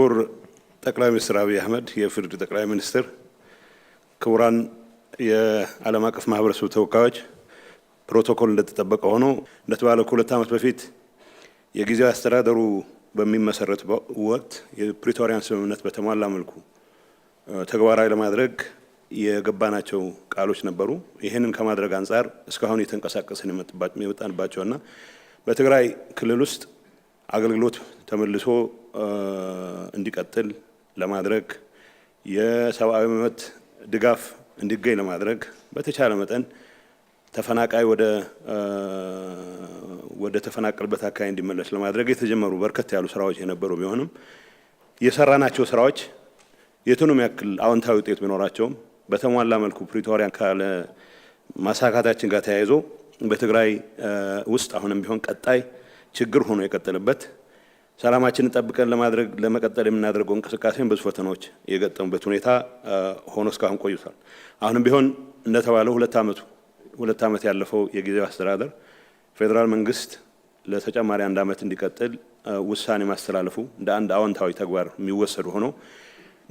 ክቡር ጠቅላይ ሚኒስትር አብይ አህመድ የፍርድ ጠቅላይ ሚኒስትር፣ ክቡራን የዓለም አቀፍ ማህበረሰብ ተወካዮች፣ ፕሮቶኮል እንደተጠበቀ ሆኖ እንደተባለው ከሁለት ዓመት በፊት የጊዜያዊ አስተዳደሩ በሚመሰረት ወቅት የፕሪቶሪያን ስምምነት በተሟላ መልኩ ተግባራዊ ለማድረግ የገባናቸው ቃሎች ነበሩ። ይህንን ከማድረግ አንጻር እስካሁን የተንቀሳቀስን የመጣንባቸውና በትግራይ ክልል ውስጥ አገልግሎት ተመልሶ እንዲቀጥል ለማድረግ የሰብአዊ መብት ድጋፍ እንዲገኝ ለማድረግ በተቻለ መጠን ተፈናቃይ ወደ ወደ ተፈናቀልበት አካባቢ እንዲመለስ ለማድረግ የተጀመሩ በርከት ያሉ ስራዎች የነበሩ ቢሆንም የሰራናቸው ስራዎች የቱንም ያክል አዎንታዊ ውጤት ቢኖራቸውም በተሟላ መልኩ ፕሪቶሪያን ካለ ማሳካታችን ጋር ተያይዞ በትግራይ ውስጥ አሁንም ቢሆን ቀጣይ ችግር ሆኖ የቀጠለበት ሰላማችንን ጠብቀን ለማድረግ ለመቀጠል የምናደርገው እንቅስቃሴን ብዙ ፈተናዎች የገጠሙበት ሁኔታ ሆኖ እስካሁን ቆይቷል። አሁንም ቢሆን እንደተባለው ሁለት ዓመቱ ሁለት ዓመት ያለፈው የጊዜው አስተዳደር ፌዴራል መንግስት ለተጨማሪ አንድ ዓመት እንዲቀጥል ውሳኔ ማስተላለፉ እንደ አንድ አዎንታዊ ተግባር የሚወሰዱ ሆኖ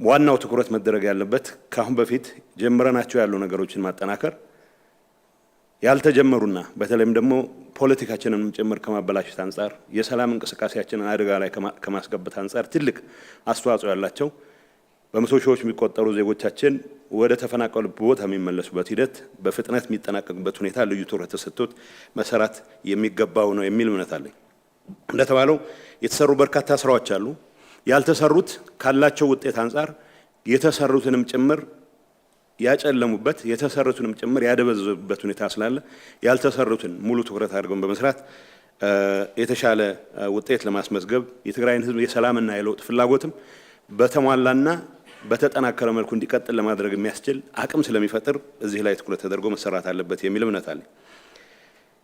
ዋናው ትኩረት መደረግ ያለበት ከአሁን በፊት ጀምረናቸው ያሉ ነገሮችን ማጠናከር ያልተጀመሩና በተለይም ደግሞ ፖለቲካችንን ጭምር ከማበላሸት አንጻር የሰላም እንቅስቃሴያችንን አደጋ ላይ ከማስገባት አንጻር ትልቅ አስተዋጽኦ ያላቸው በመቶ ሺዎች የሚቆጠሩ ዜጎቻችን ወደ ተፈናቀሉ ቦታ የሚመለሱበት ሂደት በፍጥነት የሚጠናቀቅበት ሁኔታ ልዩ ትኩረት ተሰጥቶት መሰራት የሚገባው ነው የሚል እምነት አለኝ። እንደተባለው የተሰሩ በርካታ ስራዎች አሉ። ያልተሰሩት ካላቸው ውጤት አንጻር የተሰሩትንም ጭምር ያጨለሙበት የተሰሩትንም ጭምር ያደበዘዙበት ሁኔታ ስላለ ያልተሰሩትን ሙሉ ትኩረት አድርገን በመስራት የተሻለ ውጤት ለማስመዝገብ የትግራይን ህዝብ የሰላምና የለውጥ ፍላጎትም በተሟላና በተጠናከረ መልኩ እንዲቀጥል ለማድረግ የሚያስችል አቅም ስለሚፈጥር እዚህ ላይ ትኩረት ተደርጎ መሰራት አለበት የሚል እምነት አለ።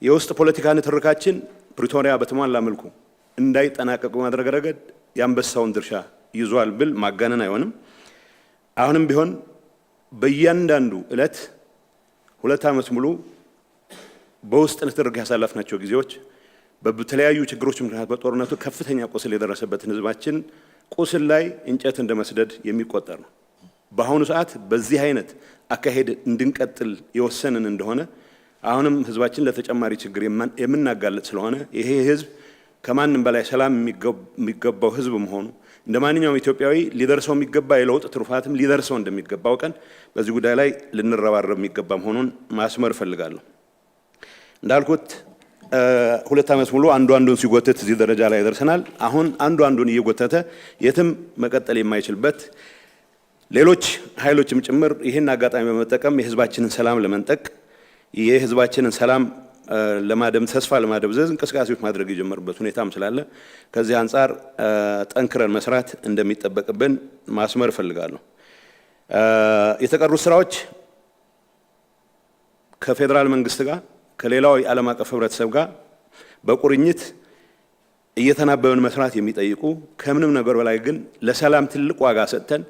የውስጥ ፖለቲካ ንትርካችን ፕሪቶሪያ በተሟላ መልኩ እንዳይጠናቀቁ ማድረግ ረገድ የአንበሳውን ድርሻ ይዟል ብል ማጋነን አይሆንም። አሁንም ቢሆን በእያንዳንዱ እለት ሁለት ዓመት ሙሉ በውስጥ ንትርክ ያሳለፍናቸው ጊዜዎች በተለያዩ ችግሮች ምክንያት በጦርነቱ ከፍተኛ ቁስል የደረሰበትን ህዝባችን ቁስል ላይ እንጨት እንደ መስደድ የሚቆጠር ነው። በአሁኑ ሰዓት በዚህ አይነት አካሄድ እንድንቀጥል የወሰንን እንደሆነ አሁንም ህዝባችን ለተጨማሪ ችግር የምናጋለጥ ስለሆነ ይሄ ህዝብ ከማንም በላይ ሰላም የሚገባው ህዝብ መሆኑ እንደ ማንኛውም ኢትዮጵያዊ ሊደርሰው የሚገባ የለውጥ ትሩፋትም ሊደርሰው እንደሚገባው ቀን በዚህ ጉዳይ ላይ ልንረባረብ የሚገባ መሆኑን ማስመር እፈልጋለሁ። እንዳልኩት ሁለት ዓመት ሙሉ አንዱ አንዱን ሲጎትት እዚህ ደረጃ ላይ ደርሰናል። አሁን አንዱ አንዱን እየጎተተ የትም መቀጠል የማይችልበት ሌሎች ኃይሎችም ጭምር ይህን አጋጣሚ በመጠቀም የህዝባችንን ሰላም ለመንጠቅ የህዝባችንን ሰላም ለማደም ተስፋ ለማደብዘዝ እንቅስቃሴዎች ማድረግ የጀመርበት ሁኔታም ስላለ ከዚህ አንጻር ጠንክረን መስራት እንደሚጠበቅብን ማስመር እፈልጋለሁ። የተቀሩት ስራዎች ከፌዴራል መንግስት ጋር ከሌላው የዓለም አቀፍ ህብረተሰብ ጋር በቁርኝት እየተናበበን መስራት የሚጠይቁ ከምንም ነገር በላይ ግን ለሰላም ትልቅ ዋጋ ሰጥተን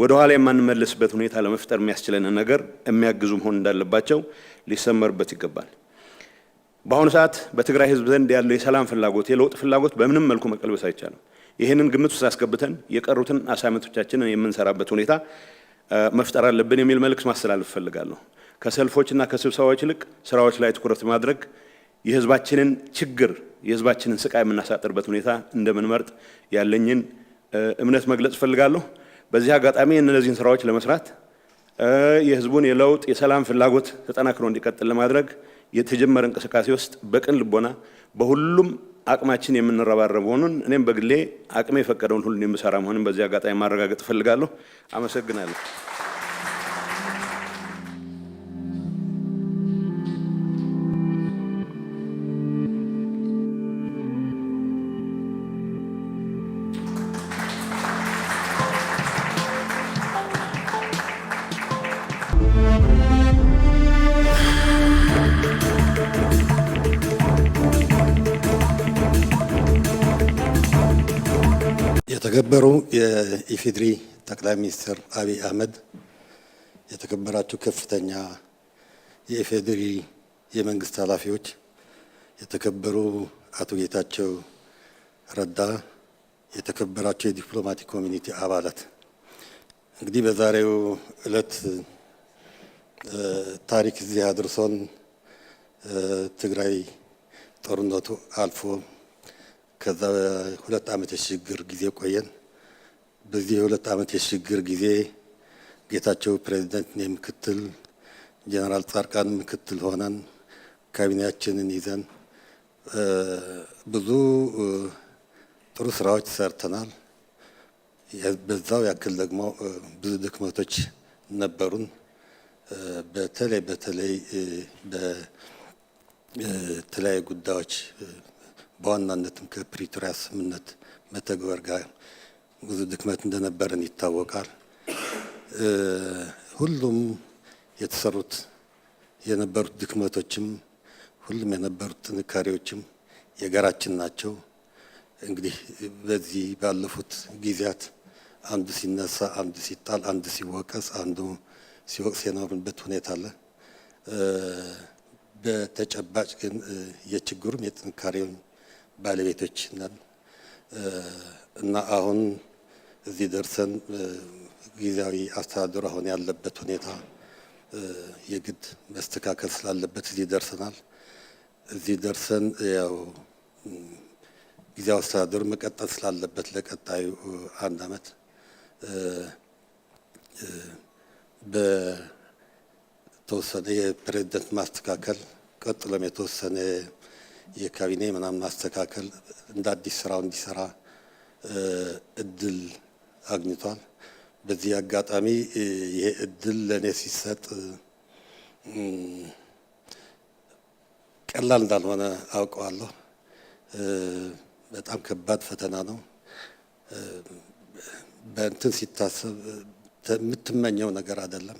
ወደኋላ የማንመለስበት ሁኔታ ለመፍጠር የሚያስችለንን ነገር የሚያግዙ መሆን እንዳለባቸው ሊሰመርበት ይገባል። በአሁኑ ሰዓት በትግራይ ህዝብ ዘንድ ያለው የሰላም ፍላጎት የለውጥ ፍላጎት በምንም መልኩ መቀልበስ አይቻልም። ይህንን ግምት ውስጥ አስገብተን የቀሩትን አሳይመንቶቻችንን የምንሰራበት ሁኔታ መፍጠር አለብን የሚል መልእክት ማስተላለፍ እፈልጋለሁ። ከሰልፎችና ከስብሰባዎች ይልቅ ስራዎች ላይ ትኩረት ማድረግ የህዝባችንን ችግር የህዝባችንን ስቃይ የምናሳጥርበት ሁኔታ እንደምንመርጥ ያለኝን እምነት መግለጽ እፈልጋለሁ። በዚህ አጋጣሚ እነዚህን ስራዎች ለመስራት የህዝቡን የለውጥ የሰላም ፍላጎት ተጠናክሮ እንዲቀጥል ለማድረግ የተጀመረ እንቅስቃሴ ውስጥ በቅን ልቦና በሁሉም አቅማችን የምንረባረብ መሆኑን እኔም በግሌ አቅሜ የፈቀደውን ሁሉ የምሰራ መሆንም በዚህ አጋጣሚ ማረጋገጥ እፈልጋለሁ። አመሰግናለሁ። የተከበሩ የኢፌድሪ ጠቅላይ ሚኒስትር አብይ አህመድ፣ የተከበራችሁ ከፍተኛ የኢፌድሪ የመንግስት ኃላፊዎች፣ የተከበሩ አቶ ጌታቸው ረዳ፣ የተከበራቸው የዲፕሎማቲክ ኮሚኒቲ አባላት፣ እንግዲህ በዛሬው እለት ታሪክ እዚህ አድርሶን ትግራይ ጦርነቱ አልፎ ከዛ ሁለት ዓመት የሽግግር ጊዜ ቆየን። በዚህ የሁለት ዓመት የሽግግር ጊዜ ጌታቸው ፕሬዚደንት፣ እኔ ምክትል፣ ጀነራል ጻድቃን ምክትል ሆነን ካቢኔያችንን ይዘን ብዙ ጥሩ ስራዎች ሰርተናል። በዛው ያክል ደግሞ ብዙ ድክመቶች ነበሩን። በተለይ በተለይ በተለያዩ ጉዳዮች በዋናነትም ከፕሪቶሪያ ስምምነት መተግበር ጋር ብዙ ድክመት እንደነበረን ይታወቃል። ሁሉም የተሰሩት የነበሩት ድክመቶችም ሁሉም የነበሩት ጥንካሬዎችም የጋራችን ናቸው። እንግዲህ በዚህ ባለፉት ጊዜያት አንዱ ሲነሳ፣ አንዱ ሲጣል፣ አንዱ ሲወቀስ፣ አንዱ ሲወቅስ የኖርንበት ሁኔታ አለ። በተጨባጭ ግን የችግሩም የጥንካሬውን ባለቤቶች ነን እና አሁን እዚህ ደርሰን ጊዜያዊ አስተዳደሩ አሁን ያለበት ሁኔታ የግድ መስተካከል ስላለበት እዚህ ደርሰናል። እዚህ ደርሰን ያው ጊዜያዊ አስተዳደሩ መቀጠል ስላለበት ለቀጣዩ አንድ ዓመት በተወሰነ የፕሬዝደንት ማስተካከል ቀጥሎም የተወሰነ የካቢኔ ምናምን ማስተካከል እንደ አዲስ ስራው እንዲሰራ እድል አግኝቷል። በዚህ አጋጣሚ ይሄ እድል ለእኔ ሲሰጥ ቀላል እንዳልሆነ አውቀዋለሁ። በጣም ከባድ ፈተና ነው። በእንትን ሲታሰብ የምትመኘው ነገር አይደለም።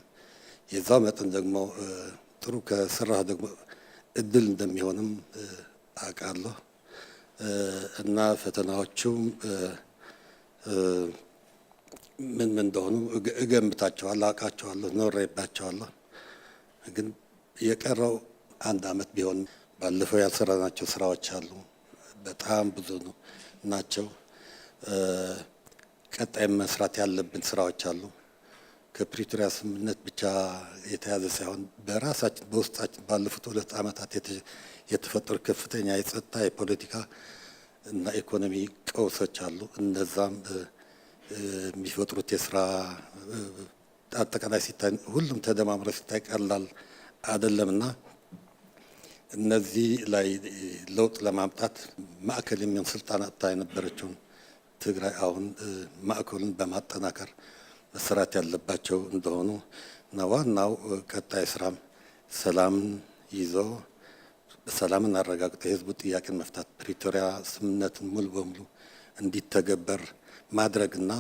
የዛው መጠን ደግሞ ጥሩ ከስራህ ደግሞ እድል እንደሚሆንም አውቃለሁ እና ፈተናዎቹም ምን ምን እንደሆኑ እገምታቸዋለሁ፣ አውቃቸዋለሁ፣ ኖሬባቸዋለሁ። ግን የቀረው አንድ አመት ቢሆን ባለፈው ያልሰራናቸው ስራዎች አሉ። በጣም ብዙ ናቸው። ቀጣይ መስራት ያለብን ስራዎች አሉ። ከፕሪቶሪያ ስምምነት ብቻ የተያዘ ሳይሆን በራሳችን በውስጣችን ባለፉት ሁለት ዓመታት የተፈጠሩ ከፍተኛ የጸጥታ የፖለቲካ እና ኢኮኖሚ ቀውሶች አሉ። እነዛም የሚፈጥሩት የስራ አጠቃላይ ሲታይ ሁሉም ተደማምሮ ሲታይ ቀላል አይደለምና እነዚህ ላይ ለውጥ ለማምጣት ማዕከል የሚሆን ስልጣን አጥታ የነበረችውን ትግራይ አሁን ማዕከሉን በማጠናከር መሰራት ያለባቸው እንደሆኑ እና ዋናው ቀጣይ ስራም ሰላምን ይዞ ሰላምን አረጋግጦ የህዝቡ ጥያቄን መፍታት ፕሪቶሪያ ስምምነትን ሙሉ በሙሉ እንዲተገበር ማድረግና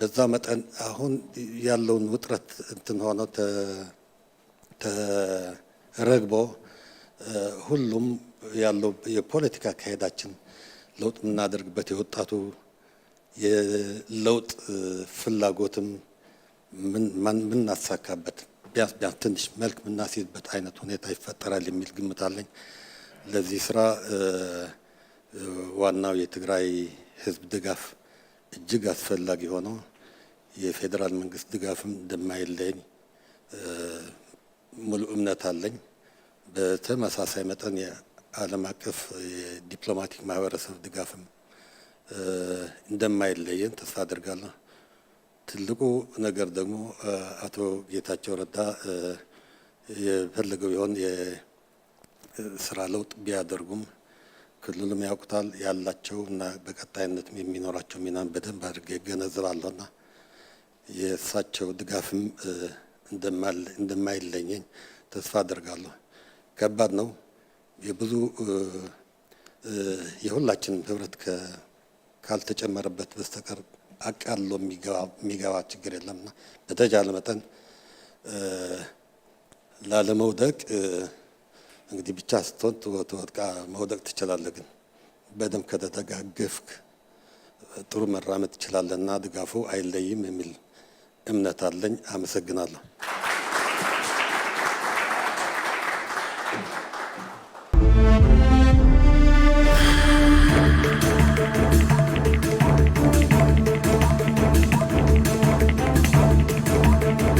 በዛ መጠን አሁን ያለውን ውጥረት እንትን ሆኖ ተረግቦ ሁሉም ያለው የፖለቲካ አካሄዳችን ለውጥ የምናደርግበት የወጣቱ የለውጥ ፍላጎትም ምናሳካበት ቢያንስ ቢያንስ ትንሽ መልክ ምናስይዝበት አይነት ሁኔታ ይፈጠራል የሚል ግምት አለኝ። ለዚህ ስራ ዋናው የትግራይ ህዝብ ድጋፍ እጅግ አስፈላጊ ሆኖ የፌዴራል መንግስት ድጋፍም እንደማይለኝ ሙሉ እምነት አለኝ። በተመሳሳይ መጠን የዓለም አቀፍ የዲፕሎማቲክ ማህበረሰብ ድጋፍም እንደማይለየን ተስፋ አድርጋለሁ። ትልቁ ነገር ደግሞ አቶ ጌታቸው ረዳ የፈለገው ቢሆን የስራ ለውጥ ቢያደርጉም ክልሉም ያውቁታል ያላቸው እና በቀጣይነት የሚኖራቸው ሚናን በደንብ አድርጌ እገነዘባለሁ እና የእሳቸው ድጋፍም እንደማይለኘኝ ተስፋ አድርጋለሁ። ከባድ ነው የብዙ የሁላችንም ህብረት ካልተጨመረበት በስተቀር አቃሎ የሚገባ ችግር የለምና በተቻለ መጠን ላለመውደቅ እንግዲህ ብቻ ስትሆን ትወጥቃ መውደቅ ትችላለህ። ግን በደንብ ከተደጋገፍክ ጥሩ መራመድ ትችላለህና ድጋፉ አይለይም የሚል እምነት አለኝ። አመሰግናለሁ።